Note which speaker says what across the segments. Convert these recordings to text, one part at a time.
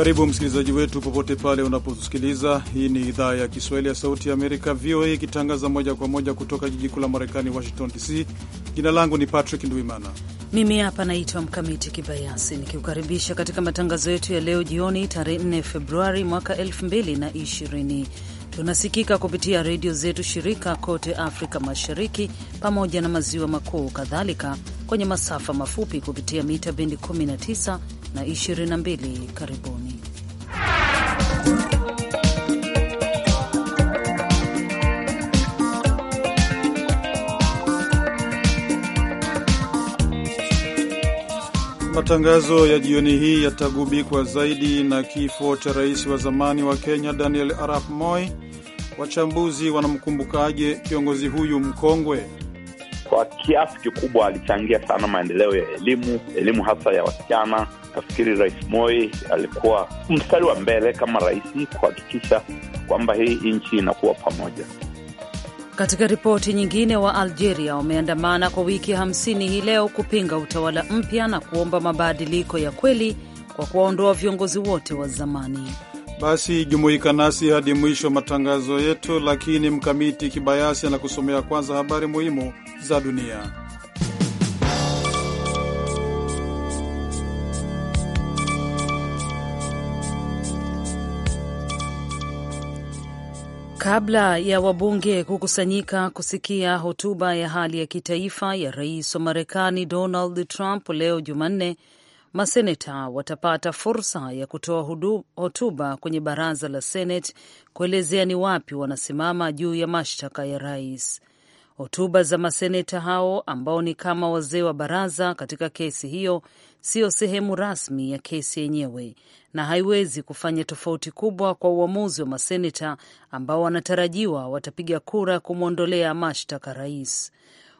Speaker 1: Karibu msikilizaji wetu popote pale unaposikiliza. Hii ni idhaa ya Kiswahili ya Sauti ya Amerika, VOA, ikitangaza moja kwa moja kutoka jiji kuu la Marekani, Washington DC. Jina langu ni Patrick Ndwimana.
Speaker 2: Mimi hapa naitwa Mkamiti Kibayasi, nikiukaribisha katika matangazo yetu ya leo jioni, tarehe 4 Februari mwaka 2020. Tunasikika kupitia redio zetu shirika kote Afrika Mashariki pamoja na Maziwa Makuu, kadhalika kwenye masafa mafupi kupitia mita bendi 19 na 22. Karibuni.
Speaker 1: Matangazo ya jioni hii yatagubikwa zaidi na kifo cha rais wa zamani wa Kenya Daniel Arap Moi. Wachambuzi wanamkumbukaje kiongozi huyu mkongwe? Kwa
Speaker 3: kiasi kikubwa alichangia sana maendeleo ya elimu, elimu hasa ya wasichana nafikiri Rais Moi alikuwa mstari wa mbele kama rais kuhakikisha kwamba hii nchi inakuwa pamoja.
Speaker 2: Katika ripoti nyingine, wa Algeria wameandamana kwa wiki 50 hii leo kupinga utawala mpya na kuomba mabadiliko ya kweli kwa kuwaondoa viongozi wote wa zamani.
Speaker 1: Basi jumuika nasi hadi mwisho wa matangazo yetu, lakini Mkamiti Kibayasi anakusomea kwanza habari muhimu za dunia.
Speaker 2: Kabla ya wabunge kukusanyika kusikia hotuba ya hali ya kitaifa ya rais wa Marekani Donald Trump leo Jumanne, maseneta watapata fursa ya kutoa hotuba kwenye baraza la Senate kuelezea ni wapi wanasimama juu ya mashtaka ya rais. Hotuba za maseneta hao ambao ni kama wazee wa baraza katika kesi hiyo siyo sehemu rasmi ya kesi yenyewe na haiwezi kufanya tofauti kubwa kwa uamuzi wa maseneta ambao wanatarajiwa watapiga kura kumwondolea mashtaka rais.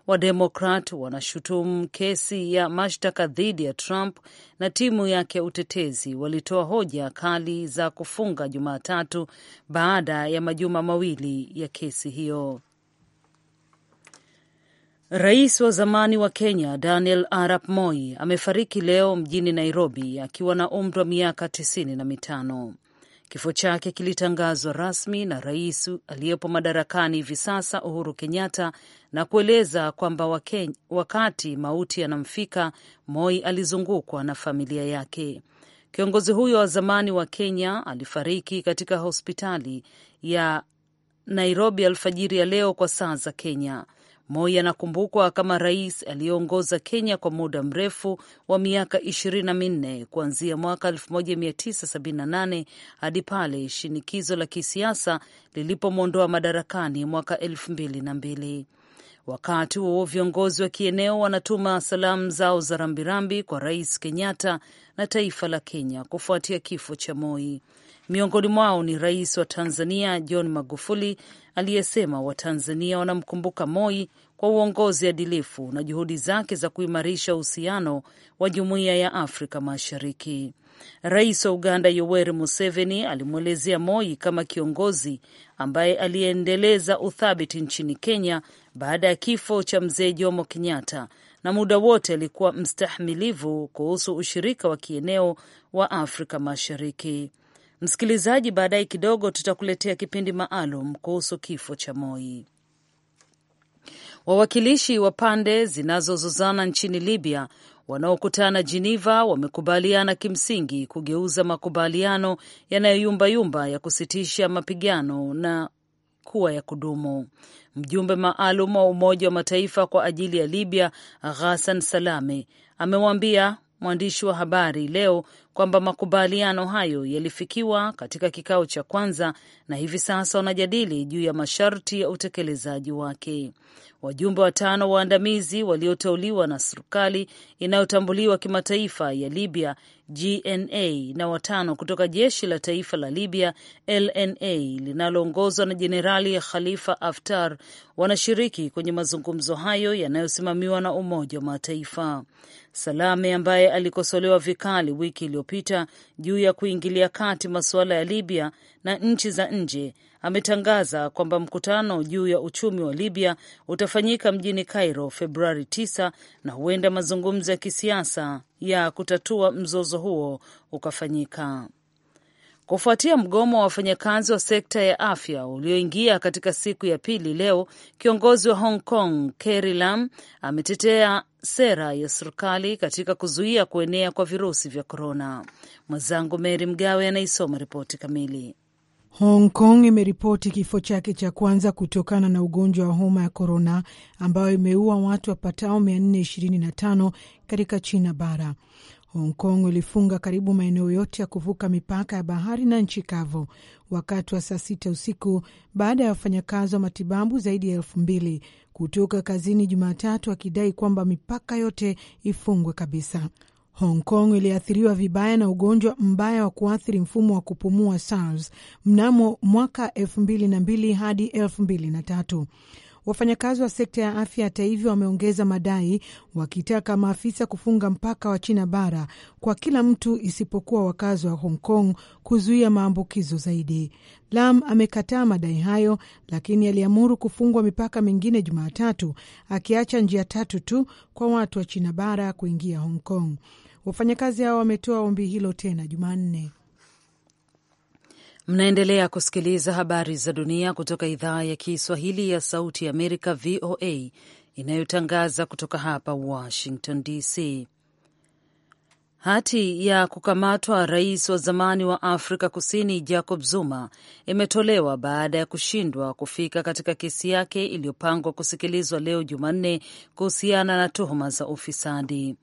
Speaker 2: Wademokrat wanashutumu kesi ya mashtaka dhidi ya Trump na timu yake ya utetezi walitoa hoja kali za kufunga Jumatatu baada ya majuma mawili ya kesi hiyo. Rais wa zamani wa Kenya Daniel Arap Moi amefariki leo mjini Nairobi akiwa na umri wa miaka tisini na mitano. Kifo chake kilitangazwa rasmi na rais aliyepo madarakani hivi sasa Uhuru Kenyatta na kueleza kwamba wakati mauti yanamfika, Moi alizungukwa na familia yake. Kiongozi huyo wa zamani wa Kenya alifariki katika hospitali ya Nairobi alfajiri ya leo kwa saa za Kenya. Moi anakumbukwa kama rais aliyeongoza Kenya kwa muda mrefu wa miaka ishirini na minne kuanzia mwaka 1978 hadi pale shinikizo la kisiasa lilipomwondoa madarakani mwaka elfu mbili na mbili. Wakati huo viongozi wa kieneo wanatuma salamu zao za rambirambi kwa Rais Kenyatta na taifa la Kenya kufuatia kifo cha Moi. Miongoni mwao ni rais wa Tanzania John Magufuli aliyesema Watanzania wanamkumbuka Moi kwa uongozi adilifu na juhudi zake za kuimarisha uhusiano wa jumuiya ya Afrika Mashariki. Rais wa Uganda Yoweri Museveni alimwelezea Moi kama kiongozi ambaye aliendeleza uthabiti nchini Kenya baada ya kifo cha mzee Jomo Kenyatta, na muda wote alikuwa mstahimilivu kuhusu ushirika wa kieneo wa Afrika Mashariki. Msikilizaji, baadaye kidogo tutakuletea kipindi maalum kuhusu kifo cha Moi. Wawakilishi wa pande zinazozozana nchini Libya wanaokutana Geneva wamekubaliana kimsingi kugeuza makubaliano yanayoyumbayumba ya kusitisha mapigano na kuwa ya kudumu. Mjumbe maalum wa Umoja wa Mataifa kwa ajili ya Libya Ghassan Salame amewaambia mwandishi wa habari leo kwamba makubaliano hayo yalifikiwa katika kikao cha kwanza na hivi sasa wanajadili juu ya masharti ya utekelezaji wake. Wajumbe watano waandamizi walioteuliwa na serikali inayotambuliwa kimataifa ya Libya GNA na watano kutoka jeshi la taifa la Libya LNA linaloongozwa na Jenerali Khalifa Haftar wanashiriki kwenye mazungumzo hayo yanayosimamiwa na Umoja wa Mataifa. Salame ambaye alikosolewa vikali wiki uliopita juu ya kuingilia kati masuala ya Libya na nchi za nje ametangaza kwamba mkutano juu ya uchumi wa Libya utafanyika mjini Cairo Februari 9 na huenda mazungumzo ya kisiasa ya kutatua mzozo huo ukafanyika kufuatia mgomo wa wafanyakazi wa sekta ya afya ulioingia katika siku ya pili leo. Kiongozi wa Hong Kong Carrie Lam ametetea sera ya serikali katika kuzuia kuenea kwa virusi vya korona. Mwenzangu Mary Mgawe anaisoma ripoti kamili.
Speaker 4: Hong Kong imeripoti kifo chake cha kwanza kutokana na ugonjwa wa homa ya korona ambayo imeua watu wapatao 425 katika China bara. Hong Kong ilifunga karibu maeneo yote ya kuvuka mipaka ya bahari na nchi kavu wakati wa saa sita usiku baada ya wafanyakazi wa matibabu zaidi ya elfu mbili kutoka kazini Jumatatu akidai kwamba mipaka yote ifungwe kabisa. Hong Kong iliathiriwa vibaya na ugonjwa mbaya wa kuathiri mfumo wa kupumua SARS mnamo mwaka elfu hadi elfu Wafanyakazi wa sekta ya afya, hata hivyo, wameongeza madai wakitaka maafisa kufunga mpaka wa China bara kwa kila mtu isipokuwa wakazi wa Hong Kong kuzuia maambukizo zaidi. Lam amekataa madai hayo, lakini aliamuru kufungwa mipaka mingine Jumatatu, akiacha njia tatu tu kwa watu wa China bara kuingia Hong Kong. Wafanyakazi hao wametoa ombi hilo tena Jumanne.
Speaker 2: Mnaendelea kusikiliza habari za dunia kutoka idhaa ya Kiswahili ya Sauti ya Amerika, VOA, inayotangaza kutoka hapa Washington DC. Hati ya kukamatwa rais wa zamani wa Afrika Kusini Jacob Zuma imetolewa baada ya kushindwa kufika katika kesi yake iliyopangwa kusikilizwa leo Jumanne kuhusiana na tuhuma za ufisadi.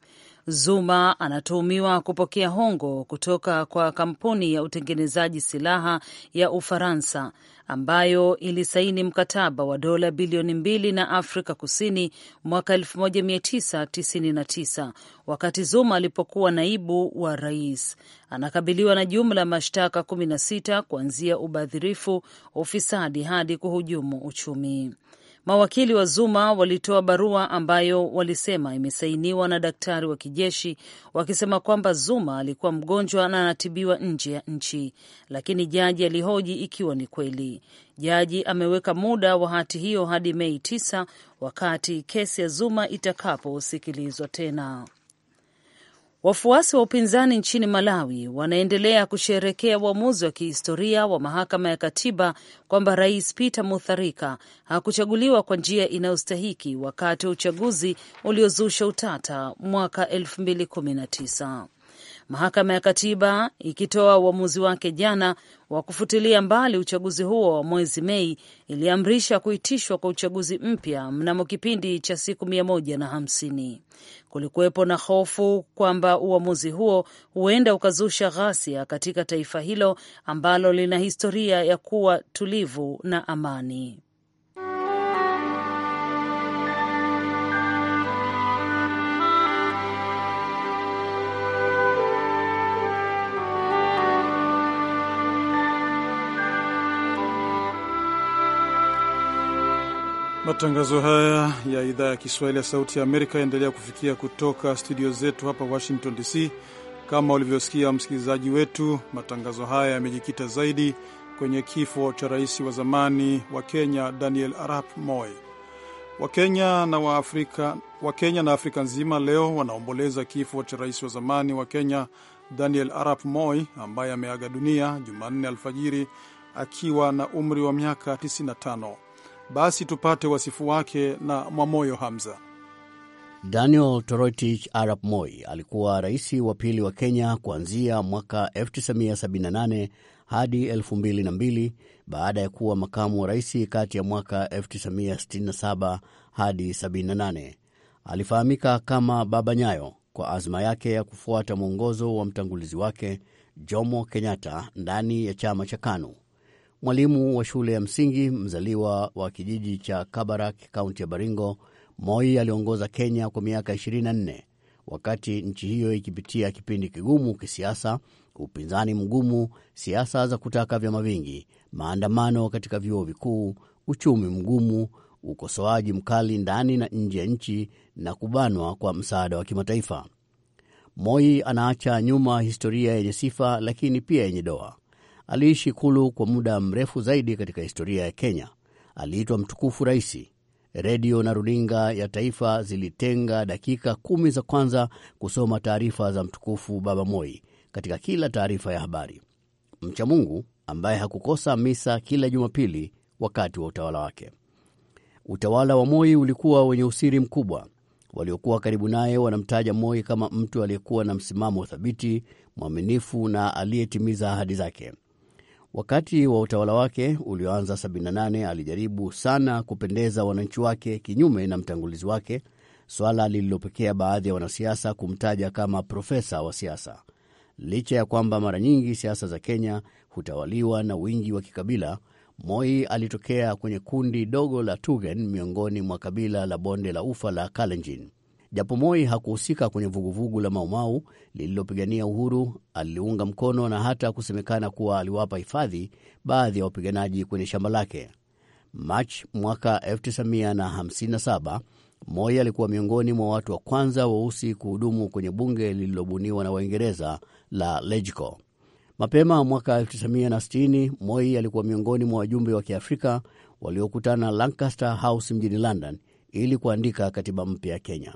Speaker 2: Zuma anatuhumiwa kupokea hongo kutoka kwa kampuni ya utengenezaji silaha ya Ufaransa ambayo ilisaini mkataba wa dola bilioni mbili na Afrika Kusini mwaka 1999 wakati Zuma alipokuwa naibu wa rais. Anakabiliwa na jumla ya mashtaka 16 kuanzia ubadhirifu, ufisadi hadi kuhujumu uchumi. Mawakili wa Zuma walitoa barua ambayo walisema imesainiwa na daktari wa kijeshi wakisema kwamba Zuma alikuwa mgonjwa na anatibiwa nje ya nchi, lakini jaji alihoji ikiwa ni kweli. Jaji ameweka muda wa hati hiyo hadi Mei tisa wakati kesi ya Zuma itakaposikilizwa tena. Wafuasi wa upinzani nchini Malawi wanaendelea kusherehekea uamuzi wa kihistoria wa mahakama ya katiba kwamba Rais Peter Mutharika hakuchaguliwa kwa njia inayostahiki wakati wa uchaguzi uliozusha utata mwaka 2019 mahakama ya katiba ikitoa uamuzi wake jana wa kufutilia mbali uchaguzi huo wa mwezi Mei, iliamrisha kuitishwa kwa uchaguzi mpya mnamo kipindi cha siku mia moja na hamsini. Kulikuwepo na hofu kwamba uamuzi huo huenda ukazusha ghasia katika taifa hilo ambalo lina historia ya kuwa tulivu na amani.
Speaker 1: Matangazo haya ya idhaa ya Kiswahili ya Sauti ya Amerika yaendelea kufikia kutoka studio zetu hapa Washington DC. Kama ulivyosikia msikilizaji wetu, matangazo haya yamejikita zaidi kwenye kifo cha rais wa zamani wa Kenya Daniel Arap Moi. Wakenya na Waafrika, Wakenya na Afrika nzima leo wanaomboleza kifo cha rais wa zamani wa Kenya Daniel Arap Moi ambaye ameaga dunia Jumanne alfajiri akiwa na umri wa miaka 95. Basi tupate wasifu wake na Mwamoyo Hamza.
Speaker 5: Daniel Toroitich Arap Moi alikuwa rais wa pili wa Kenya kuanzia mwaka 1978 hadi 2002 baada ya kuwa makamu wa rais kati ya mwaka 1967 hadi 78. Alifahamika kama Baba Nyayo kwa azma yake ya kufuata mwongozo wa mtangulizi wake Jomo Kenyatta ndani ya chama cha KANU mwalimu wa shule ya msingi mzaliwa wa kijiji cha Kabarak, kaunti ya Baringo. Moi aliongoza Kenya kwa miaka 24 wakati nchi hiyo ikipitia kipindi kigumu kisiasa, upinzani mgumu, siasa za kutaka vyama vingi, maandamano katika vyuo vikuu, uchumi mgumu, ukosoaji mkali ndani na nje ya nchi na kubanwa kwa msaada wa kimataifa. Moi anaacha nyuma historia yenye sifa, lakini pia yenye doa aliishi Ikulu kwa muda mrefu zaidi katika historia ya Kenya. Aliitwa mtukufu raisi. Redio na runinga ya taifa zilitenga dakika kumi za kwanza kusoma taarifa za mtukufu Baba Moi katika kila taarifa ya habari. Mcha Mungu ambaye hakukosa misa kila Jumapili wakati wa utawala wake. Utawala wa Moi ulikuwa wenye usiri mkubwa. Waliokuwa karibu naye wanamtaja Moi kama mtu aliyekuwa na msimamo thabiti, mwaminifu na aliyetimiza ahadi zake. Wakati wa utawala wake ulioanza 78 alijaribu sana kupendeza wananchi wake, kinyume na mtangulizi wake, swala lililopekea baadhi ya wanasiasa kumtaja kama profesa wa siasa, licha ya kwamba mara nyingi siasa za Kenya hutawaliwa na wingi wa kikabila. Moi alitokea kwenye kundi dogo la Tugen miongoni mwa kabila la bonde la ufa la Kalenjin. Japo Moi hakuhusika kwenye vuguvugu la Maumau lililopigania uhuru, aliunga mkono na hata kusemekana kuwa aliwapa hifadhi baadhi ya wapiganaji kwenye shamba lake. Machi mwaka 1957 Moi alikuwa miongoni mwa watu wa kwanza weusi kuhudumu kwenye bunge lililobuniwa na Waingereza la legico Mapema mwaka 1960 Moi alikuwa miongoni mwa wajumbe wa Kiafrika waliokutana Lancaster House mjini London ili kuandika katiba mpya ya Kenya.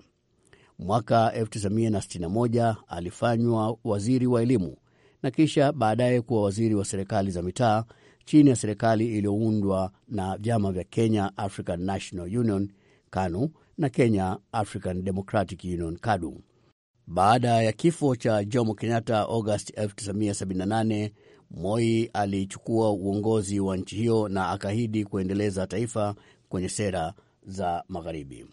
Speaker 5: Mwaka 1961 alifanywa waziri wa elimu na kisha baadaye kuwa waziri wa serikali za mitaa chini ya serikali iliyoundwa na vyama vya Kenya African National Union KANU na Kenya African Democratic Union KADU. Baada ya kifo cha Jomo Kenyatta august 1978, Moi alichukua uongozi wa nchi hiyo na akaahidi kuendeleza taifa kwenye sera za Magharibi.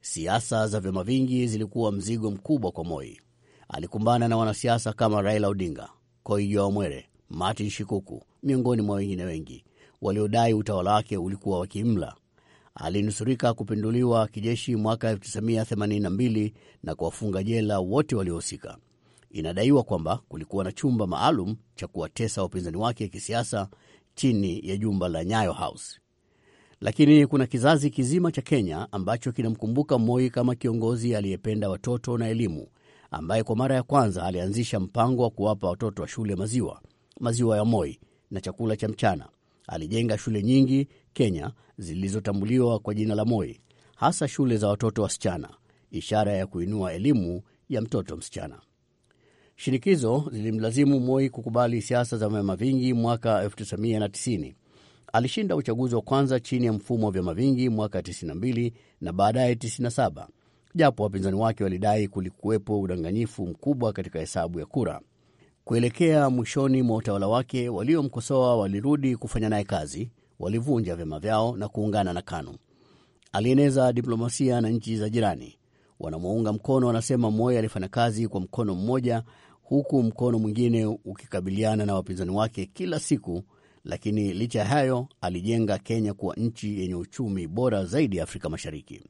Speaker 5: Siasa za vyama vingi zilikuwa mzigo mkubwa kwa Moi. Alikumbana na wanasiasa kama Raila Odinga, wa Wamwere, Martin Shikuku, miongoni mwa wengine wengi waliodai utawala wake ulikuwa wa kiimla. Alinusurika kupinduliwa kijeshi mwaka 1982 na kuwafunga jela wote waliohusika. Inadaiwa kwamba kulikuwa na chumba maalum cha kuwatesa wapinzani wake kisiasa chini ya jumba la Nyayo House lakini kuna kizazi kizima cha Kenya ambacho kinamkumbuka Moi kama kiongozi aliyependa watoto na elimu, ambaye kwa mara ya kwanza alianzisha mpango wa kuwapa watoto wa shule maziwa, maziwa ya Moi na chakula cha mchana. Alijenga shule nyingi Kenya zilizotambuliwa kwa jina la Moi, hasa shule za watoto wasichana, ishara ya kuinua elimu ya mtoto msichana. Shinikizo zilimlazimu Moi kukubali siasa za vyama vingi mwaka 1990 Alishinda uchaguzi wa kwanza chini ya mfumo wa vyama vingi mwaka 92 na baadaye 97, japo wapinzani wake walidai kulikuwepo udanganyifu mkubwa katika hesabu ya kura. Kuelekea mwishoni mwa utawala wake, waliomkosoa walirudi kufanya naye kazi, walivunja vyama vyao na kuungana na KANU. Alieneza diplomasia na nchi za jirani. Wanamuunga mkono wanasema Moi alifanya kazi kwa mkono mmoja, huku mkono mwingine ukikabiliana na wapinzani wake kila siku lakini licha ya hayo alijenga Kenya kuwa nchi yenye uchumi bora zaidi ya Afrika Mashariki.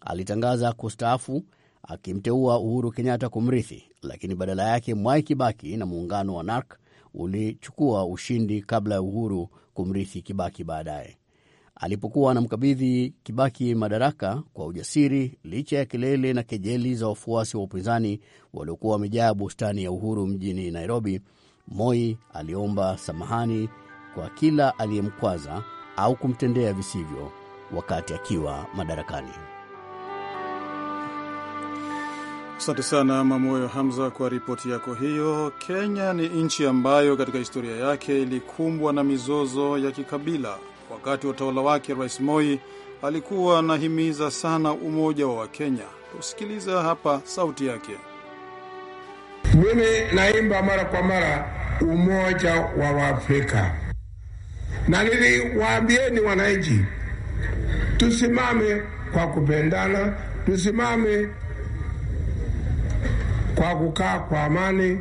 Speaker 5: Alitangaza kustaafu akimteua Uhuru Kenyatta kumrithi, lakini badala yake Mwai Kibaki na muungano wa NARC ulichukua ushindi kabla ya Uhuru kumrithi Kibaki baadaye. Alipokuwa anamkabidhi Kibaki madaraka kwa ujasiri, licha ya kelele na kejeli za wafuasi wa upinzani waliokuwa wamejaa bustani ya Uhuru mjini Nairobi, Moi aliomba samahani kwa kila aliyemkwaza au kumtendea visivyo wakati akiwa madarakani.
Speaker 1: Asante sana Mamoyo Hamza kwa ripoti yako hiyo. Kenya ni nchi ambayo katika historia yake ilikumbwa na mizozo ya kikabila. Wakati wa utawala wake, Rais Moi alikuwa anahimiza sana umoja wa Wakenya. Tusikiliza hapa sauti yake. Mimi naimba mara kwa mara
Speaker 6: umoja wa Waafrika na niliwaambieni wananchi, tusimame kwa kupendana, tusimame kwa kukaa kwa amani.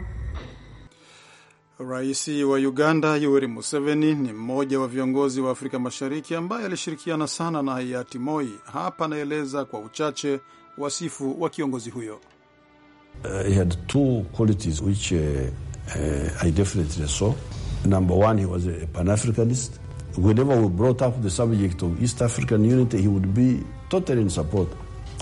Speaker 1: Rais wa Uganda Yoweri Museveni ni mmoja wa viongozi wa Afrika Mashariki ambaye alishirikiana sana na hayati Moi. Hapa anaeleza kwa uchache wasifu wa kiongozi huyo. Uh, he had two qualities which, uh, uh, I definitely saw. Number one, he was a Pan Africanist. Whenever we brought up the subject of East African unity, he would be totally in support.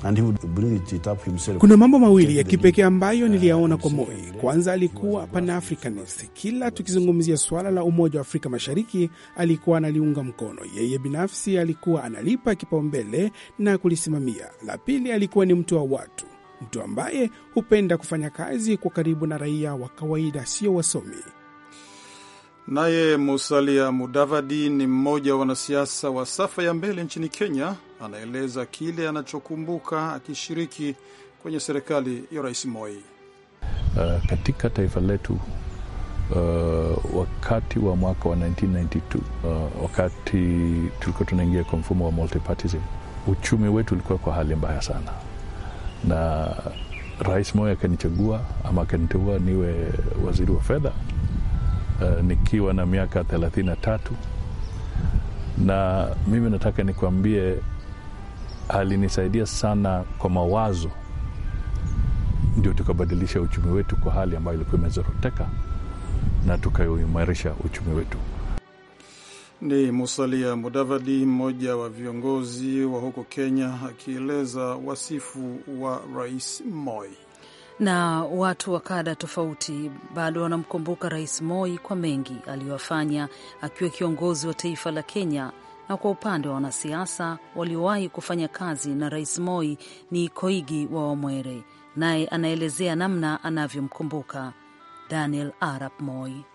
Speaker 1: And he would bring it up himself.
Speaker 6: Kuna mambo mawili ya kipekee ambayo niliyaona kwa uh, Moi. Kwanza alikuwa Pan-Africanist. Kila tukizungumzia suala la umoja wa Afrika Mashariki alikuwa analiunga mkono. Yeye binafsi alikuwa analipa kipaumbele na kulisimamia. La pili, alikuwa ni mtu wa watu, mtu ambaye hupenda kufanya kazi kwa karibu na raia wa kawaida, sio wasomi.
Speaker 1: Naye Musalia Mudavadi ni mmoja wa wanasiasa wa safa ya mbele nchini Kenya, anaeleza kile anachokumbuka akishiriki kwenye serikali ya Rais Moi.
Speaker 3: Uh, katika taifa letu uh, wakati wa mwaka wa 1992 uh, wakati tulikuwa tunaingia kwa mfumo wa multipartism, uchumi wetu ulikuwa kwa hali mbaya sana, na Rais Moi akanichagua ama akaniteua niwe waziri wa fedha Eh, nikiwa na miaka thelathini na tatu na mimi nataka nikuambie, alinisaidia sana kwa mawazo, ndio tukabadilisha uchumi wetu kwa hali ambayo ilikuwa imezoroteka na tukaimarisha uchumi wetu.
Speaker 1: Ni Musalia Mudavadi, mmoja wa viongozi wa huko Kenya, akieleza wasifu wa Rais Moi
Speaker 2: na watu wa kada tofauti bado wanamkumbuka Rais Moi kwa mengi aliyoyafanya akiwa kiongozi wa taifa la Kenya, na kwa upande wa wanasiasa waliowahi kufanya kazi na Rais Moi ni Koigi wa Wamwere, naye anaelezea namna anavyomkumbuka Daniel Arap Moi.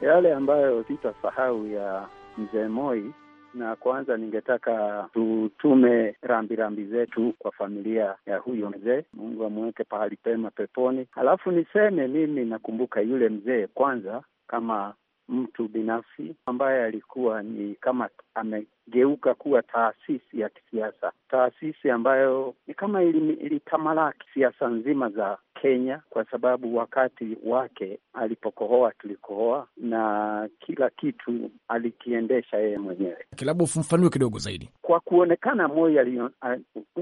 Speaker 7: Yale ambayo sitasahau ya mzee Moi na kwanza ningetaka tutume rambirambi zetu kwa familia ya huyo mzee, Mungu amweke pahali pema peponi. Alafu niseme mimi nakumbuka yule mzee kwanza kama mtu binafsi ambaye alikuwa ni kama amegeuka kuwa taasisi ya kisiasa, taasisi ambayo ni kama ilitamalaki siasa nzima za Kenya, kwa sababu wakati wake alipokohoa tulikohoa, na kila kitu alikiendesha yeye mwenyewe.
Speaker 3: Kilabu ufafanue
Speaker 6: kidogo zaidi.
Speaker 7: Kwa kuonekana Moi alion,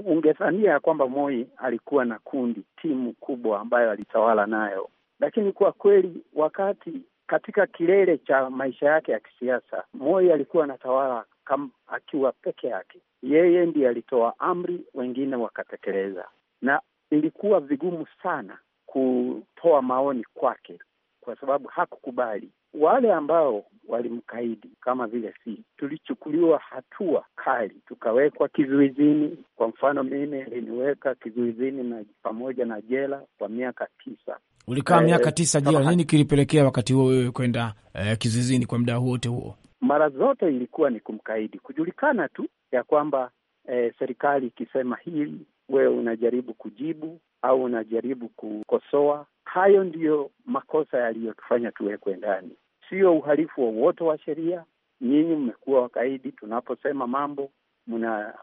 Speaker 7: ungedhania ya kwamba Moi alikuwa na kundi, timu kubwa ambayo alitawala nayo, lakini kwa kweli wakati katika kilele cha maisha yake ya kisiasa, Moi alikuwa anatawala kama akiwa peke yake, yeye ndiye alitoa amri, wengine wakatekeleza, na ilikuwa vigumu sana kutoa maoni kwake kwa sababu hakukubali. Wale ambao walimkaidi kama vile si, tulichukuliwa hatua kali, tukawekwa kizuizini. Kwa mfano, mimi aliniweka kizuizini na pamoja na jela kwa miaka tisa. Ulikaa miaka eh,
Speaker 6: tisa jela, nini kilipelekea wakati huo wewe kwenda eh, kizuizini kwa muda wote huo?
Speaker 7: Mara zote ilikuwa ni kumkaidi, kujulikana tu ya kwamba eh, serikali ikisema hili wewe unajaribu kujibu au unajaribu kukosoa. Hayo ndiyo makosa yaliyotufanya tuwekwe ndani, sio uhalifu wowote wa, wa sheria. Nyinyi mmekuwa wakaidi, tunaposema mambo mna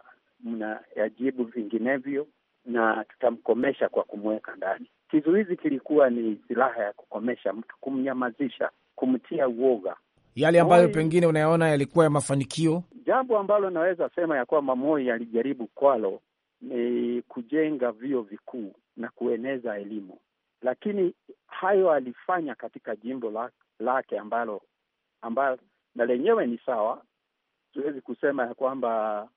Speaker 7: mnayajibu vinginevyo, na tutamkomesha kwa kumweka ndani. Kizuizi kilikuwa ni silaha ya kukomesha mtu, kumnyamazisha, kumtia uoga.
Speaker 6: Yale ambayo Moi, pengine unayaona yalikuwa ya mafanikio.
Speaker 7: Jambo ambalo naweza sema ya kwamba Moi alijaribu kwalo ni kujenga vyuo vikuu na kueneza elimu, lakini hayo alifanya katika jimbo lake ambalo ambalo na lenyewe ni sawa, siwezi kusema ya kwamba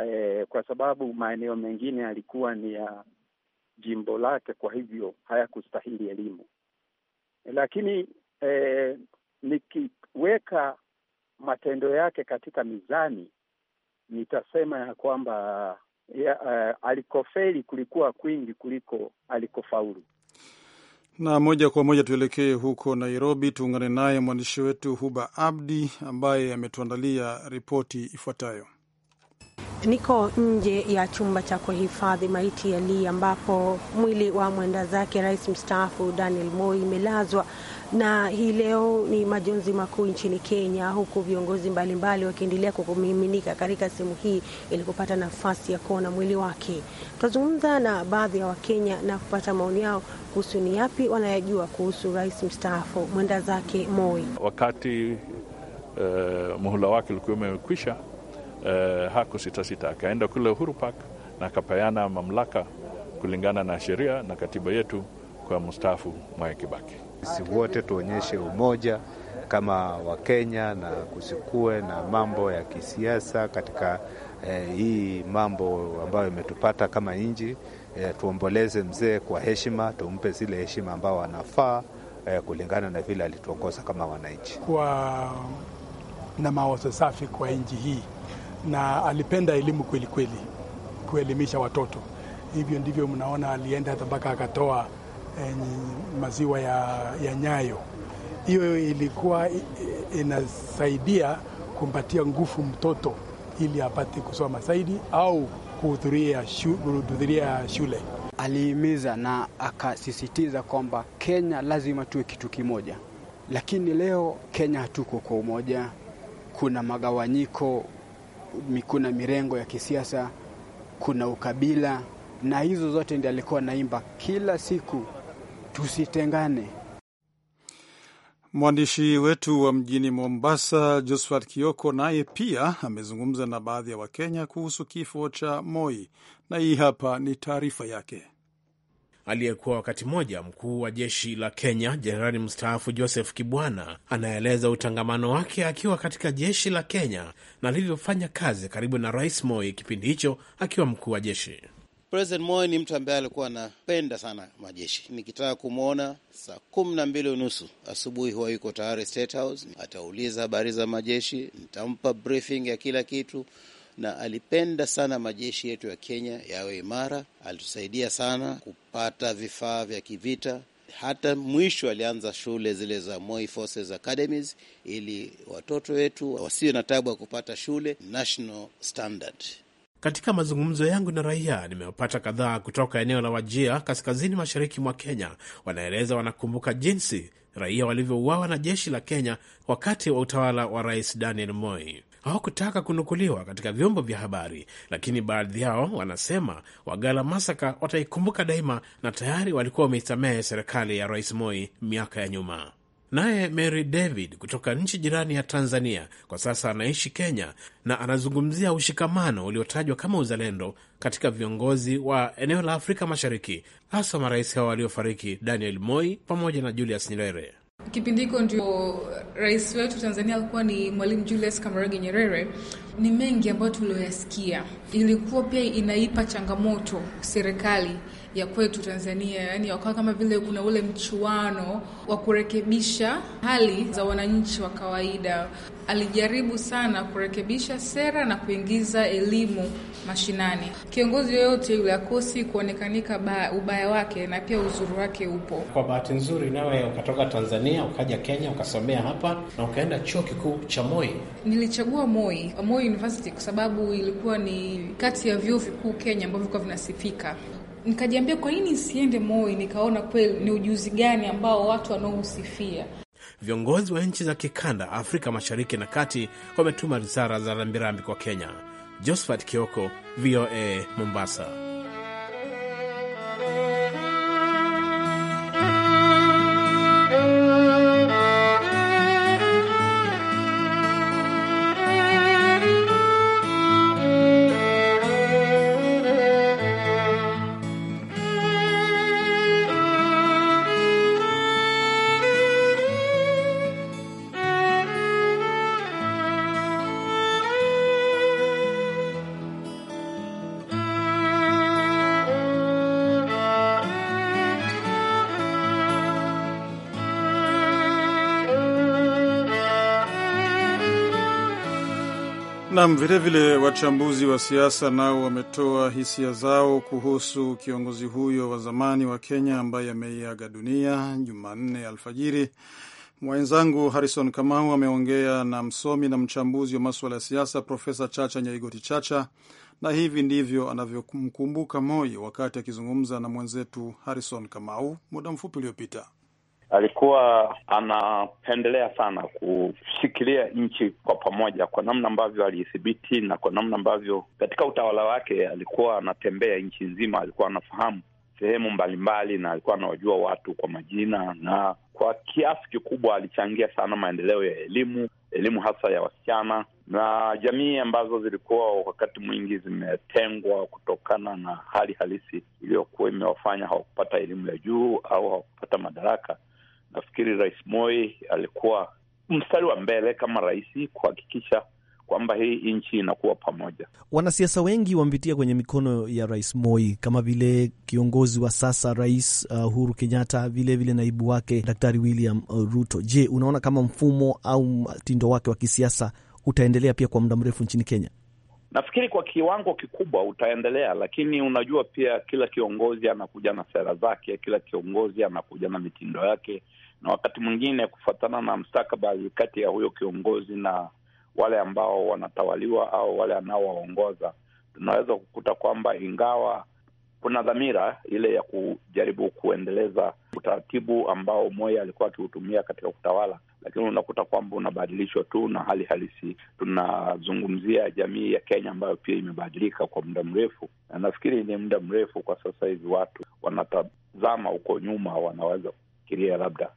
Speaker 7: eh, kwa sababu maeneo mengine yalikuwa ni ya jimbo lake, kwa hivyo hayakustahili elimu. Lakini eh, nikiweka matendo yake katika mizani, nitasema ya kwamba uh, alikofeli kulikuwa kwingi kuliko alikofaulu.
Speaker 1: Na moja kwa moja tuelekee huko Nairobi, tuungane naye mwandishi wetu Huba Abdi ambaye ametuandalia ripoti ifuatayo.
Speaker 4: Niko nje ya chumba cha kuhifadhi maiti ya Lee ambapo mwili wa mwenda zake rais mstaafu Daniel Moi imelazwa, na hii leo ni majonzi makuu nchini Kenya, huku viongozi mbalimbali wakiendelea kukumiminika katika sehemu hii ili kupata nafasi ya kuona mwili wake. Tutazungumza na baadhi ya Wakenya na kupata maoni yao kuhusu ni yapi wanayajua kuhusu rais mstaafu mwenda zake Moi.
Speaker 3: Wakati uh, muhula wake ulikuwa umekwisha eh, hakusitasita akaenda kule Uhuru Park na akapeana mamlaka kulingana
Speaker 6: na sheria na katiba yetu kwa mstaafu Mwai Kibaki. Sisi wote tuonyeshe umoja kama Wakenya na kusikue na mambo ya kisiasa katika eh, hii mambo ambayo imetupata kama nchi eh, tuomboleze mzee kwa heshima, tumpe zile heshima ambao anafaa eh, kulingana na vile alituongoza kama wananchi,
Speaker 1: kwa na mawazo safi kwa nchi hii na alipenda elimu kweli kweli, kuelimisha watoto. Hivyo ndivyo mnaona alienda hata mpaka akatoa eh, maziwa ya, ya Nyayo. Hiyo ilikuwa inasaidia kumpatia nguvu mtoto
Speaker 6: ili apate kusoma zaidi au kuhudhuria shu, shule. Alihimiza na akasisitiza kwamba Kenya lazima tuwe kitu kimoja, lakini leo Kenya hatuko kwa umoja, kuna magawanyiko kuna mirengo ya kisiasa, kuna ukabila, na hizo zote ndio alikuwa naimba kila siku, tusitengane.
Speaker 1: Mwandishi wetu wa mjini Mombasa, Josphat Kioko, naye pia amezungumza na baadhi ya Wakenya kuhusu kifo cha Moi, na hii hapa ni taarifa yake
Speaker 6: aliyekuwa wakati mmoja mkuu wa jeshi la Kenya, jenerali mstaafu Joseph Kibwana, anaeleza utangamano wake akiwa katika jeshi la Kenya na alivyofanya kazi karibu na Rais Moi kipindi hicho akiwa mkuu wa jeshi. President Moi ni mtu ambaye alikuwa anapenda sana majeshi. Nikitaka kumwona saa kumi na mbili unusu asubuhi huwa yuko tayari State House, atauliza habari za majeshi, nitampa briefing ya kila kitu na alipenda sana majeshi yetu ya Kenya yawe imara. Alitusaidia sana kupata vifaa vya kivita. Hata mwisho alianza shule zile za Moi Forces Academies ili watoto wetu wasiwe na tabu ya kupata shule national standard. Katika mazungumzo yangu na raia nimewapata kadhaa kutoka eneo la Wajia kaskazini mashariki mwa Kenya. Wanaeleza wanakumbuka jinsi raia walivyouawa na jeshi la Kenya wakati wa utawala wa Rais Daniel Moi hawakutaka kunukuliwa katika vyombo vya habari, lakini baadhi yao wanasema Wagala Masaka wataikumbuka daima na tayari walikuwa wameisamehe serikali ya Rais Moi miaka ya nyuma. Naye Mary David kutoka nchi jirani ya Tanzania, kwa sasa anaishi Kenya na anazungumzia ushikamano uliotajwa kama uzalendo katika viongozi wa eneo la Afrika Mashariki, haswa marais hao waliofariki, Daniel Moi pamoja na Julius Nyerere.
Speaker 4: Kipindi hiko ndio rais wetu Tanzania alikuwa ni Mwalimu Julius Kambarage Nyerere. Ni mengi ambayo tulioyasikia, ilikuwa pia inaipa changamoto serikali ya kwetu Tanzania, yaani wakawa kama vile kuna ule mchuano wa kurekebisha hali za wananchi wa kawaida alijaribu sana kurekebisha sera na kuingiza elimu mashinani. Kiongozi yoyote yule akosi kuonekanika ubaya wake na pia uzuri wake upo.
Speaker 6: Kwa bahati nzuri, nawe ukatoka Tanzania ukaja Kenya ukasomea hapa na ukaenda chuo kikuu cha Moi.
Speaker 4: Nilichagua Moi, Moi University kwa sababu ilikuwa ni kati ya vyuo vikuu Kenya ambavyo vilikuwa vinasifika Nikajiambia, kwa nini siende Moi? Nikaona kweli ni ujuzi gani ambao watu wanaohusifia
Speaker 6: viongozi wa nchi za kikanda Afrika Mashariki na Kati wametuma risara za rambirambi kwa Kenya. Josephat Kioko, VOA Mombasa.
Speaker 1: Nam, vilevile wachambuzi wa siasa nao wametoa hisia zao kuhusu kiongozi huyo wa zamani wa Kenya ambaye ameiaga dunia Jumanne alfajiri. Mwenzangu Harrison Kamau ameongea na msomi na mchambuzi wa maswala ya siasa Profesa Chacha Nyaigoti Chacha, na hivi ndivyo anavyomkumbuka Moi wakati akizungumza na mwenzetu Harrison Kamau muda mfupi uliopita
Speaker 3: alikuwa anapendelea sana kushikilia nchi kwa pamoja, kwa namna ambavyo aliithibiti na kwa namna ambavyo katika utawala wake alikuwa anatembea nchi nzima, alikuwa anafahamu sehemu mbalimbali na alikuwa anawajua watu kwa majina, na kwa kiasi kikubwa alichangia sana maendeleo ya elimu, elimu hasa ya wasichana na jamii ambazo zilikuwa wakati mwingi zimetengwa kutokana na hali halisi iliyokuwa imewafanya hawakupata elimu ya juu au hawakupata madaraka nafikiri Rais Moi alikuwa mstari wa mbele kama rais kuhakikisha kwamba hii nchi inakuwa pamoja.
Speaker 7: Wanasiasa wengi wamepitia kwenye mikono ya Rais Moi kama vile kiongozi wa sasa Rais uh, Uhuru Kenyatta, vilevile naibu wake Daktari William uh, Ruto. Je, unaona kama mfumo au mtindo wake wa kisiasa utaendelea pia kwa muda mrefu nchini Kenya?
Speaker 3: Nafikiri kwa kiwango kikubwa utaendelea, lakini unajua pia kila kiongozi anakuja na sera zake, kila kiongozi anakuja na mitindo yake, na wakati mwingine kufuatana na mstakabali kati ya huyo kiongozi na wale ambao wanatawaliwa au wale anaowaongoza, tunaweza kukuta kwamba ingawa kuna dhamira ile ya kujaribu kuendeleza utaratibu ambao moya alikuwa akihutumia katika kutawala lakini unakuta kwamba unabadilishwa tu na hali halisi. Tunazungumzia jamii ya Kenya ambayo pia imebadilika kwa muda mrefu, na nafikiri ni muda mrefu kwa sasa hivi watu wanatazama huko nyuma, wanaweza kufikiria labda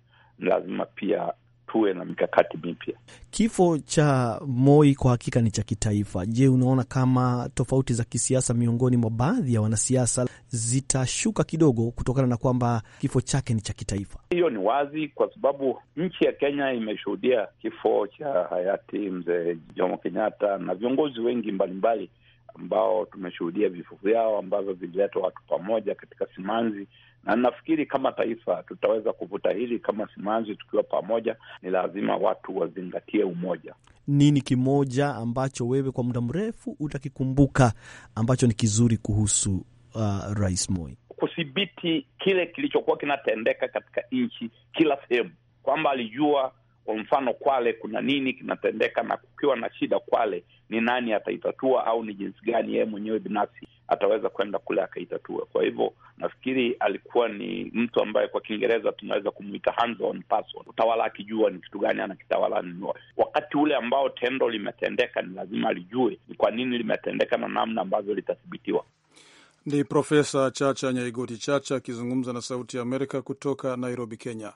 Speaker 3: lazima pia tuwe na mikakati mipya.
Speaker 7: Kifo cha Moi kwa hakika ni cha kitaifa. Je, unaona kama tofauti za kisiasa miongoni mwa baadhi ya wanasiasa zitashuka kidogo kutokana na kwamba kifo chake ni cha kitaifa?
Speaker 3: Hiyo ni wazi, kwa sababu nchi ya Kenya imeshuhudia kifo cha hayati mzee Jomo Kenyatta na viongozi wengi mbalimbali ambao tumeshuhudia vifo vyao ambavyo vililetwa watu pamoja katika simanzi na nafikiri kama taifa tutaweza kuvuta hili kama simanzi tukiwa pamoja. Ni lazima watu wazingatie umoja.
Speaker 7: Nini kimoja ambacho wewe kwa muda mrefu utakikumbuka ambacho ni kizuri kuhusu uh, Rais Moi?
Speaker 3: Kudhibiti kile kilichokuwa kinatendeka katika nchi kila sehemu, kwamba alijua kwa mfano, Kwale kuna nini kinatendeka, na kukiwa na shida Kwale ni nani ataitatua, au ni jinsi gani yeye mwenyewe binafsi ataweza kwenda kule akaitatua. Kwa hivyo nafikiri alikuwa ni mtu ambaye kwa Kiingereza tunaweza kumwita hands on person, utawala akijua ni kitu gani anakitawala ninua. Wakati ule ambao tendo limetendeka, ni lazima alijue ni kwa nini limetendeka na namna ambavyo litathibitiwa.
Speaker 1: Ni Profesa Chacha Nyaigoti Chacha akizungumza na Sauti ya Amerika kutoka Nairobi, Kenya.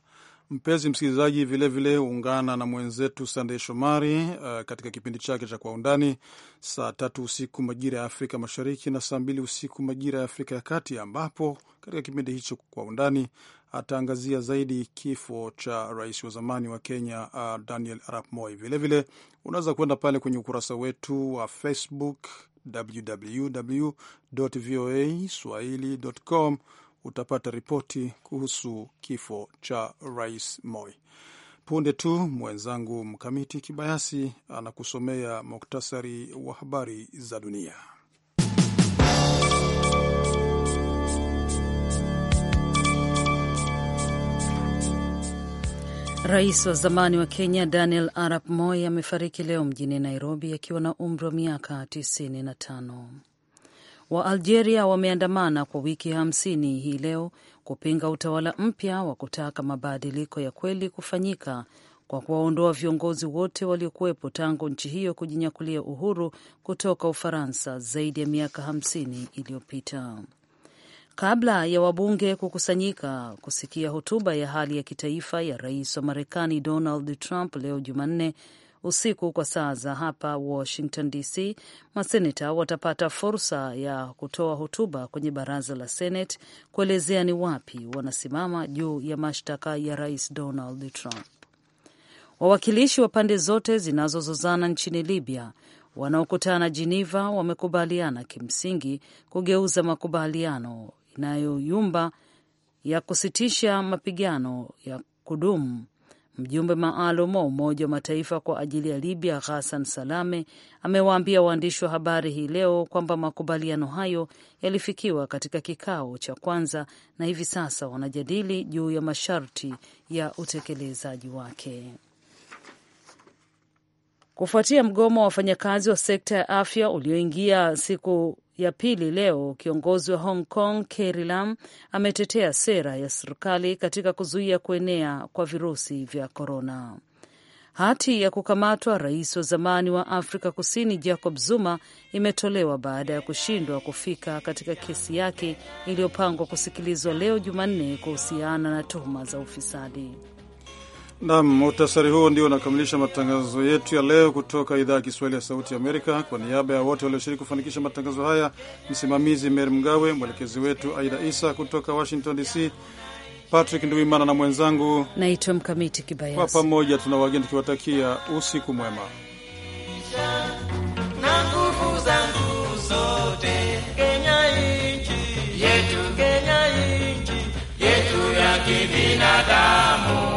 Speaker 1: Mpenzi msikilizaji, vilevile ungana na mwenzetu Sandey Shomari uh, katika kipindi chake cha Kwa Undani saa tatu usiku majira ya Afrika Mashariki na saa mbili usiku majira ya Afrika ya Kati, ambapo katika kipindi hicho Kwa Undani ataangazia zaidi kifo cha rais wa zamani wa Kenya uh, Daniel Arap Moi. Vilevile unaweza kuenda pale kwenye ukurasa wetu wa Facebook www voa swahili com utapata ripoti kuhusu kifo cha Rais Moi. Punde tu mwenzangu Mkamiti Kibayasi anakusomea muktasari wa habari za dunia.
Speaker 2: Rais wa zamani wa Kenya Daniel Arap Moi amefariki leo mjini Nairobi akiwa na umri wa miaka 95 wa Algeria wameandamana kwa wiki hamsini hii leo kupinga utawala mpya wa kutaka mabadiliko ya kweli kufanyika kwa kuwaondoa viongozi wote waliokuwepo tangu nchi hiyo kujinyakulia uhuru kutoka Ufaransa zaidi ya miaka hamsini iliyopita. Kabla ya wabunge kukusanyika kusikia hotuba ya hali ya kitaifa ya rais wa Marekani Donald Trump leo Jumanne, usiku kwa saa za hapa Washington DC, maseneta watapata fursa ya kutoa hotuba kwenye baraza la Senate kuelezea ni wapi wanasimama juu ya mashtaka ya Rais Donald Trump. Wawakilishi wa pande zote zinazozozana nchini Libya wanaokutana Geneva wamekubaliana kimsingi kugeuza makubaliano inayoyumba ya kusitisha mapigano ya kudumu Mjumbe maalum wa Umoja wa Mataifa kwa ajili ya Libya Ghassan Salame amewaambia waandishi wa habari hii leo kwamba makubaliano hayo yalifikiwa katika kikao cha kwanza na hivi sasa wanajadili juu ya masharti ya utekelezaji wake kufuatia mgomo wa wafanyakazi wa sekta ya afya ulioingia siku ya pili leo, kiongozi wa Hong Kong Carrie Lam ametetea sera ya serikali katika kuzuia kuenea kwa virusi vya korona. Hati ya kukamatwa rais wa zamani wa Afrika Kusini Jacob Zuma imetolewa baada ya kushindwa kufika katika kesi yake iliyopangwa kusikilizwa leo Jumanne kuhusiana na tuhuma za ufisadi.
Speaker 1: Nam, muhtasari huo ndio unakamilisha matangazo yetu ya leo kutoka idhaa ya Kiswahili ya Sauti Amerika. Kwa niaba ya wote walioshiriki kufanikisha matangazo haya, msimamizi Meri Mgawe, mwelekezi wetu Aida Isa kutoka Washington DC, Patrick Nduimana na mwenzangu
Speaker 2: naitwa Mkamiti Kibayasi, kwa
Speaker 1: pamoja tuna wageni tukiwatakia usiku mwema
Speaker 4: Kenya inchi yetu
Speaker 6: ya kibinadamu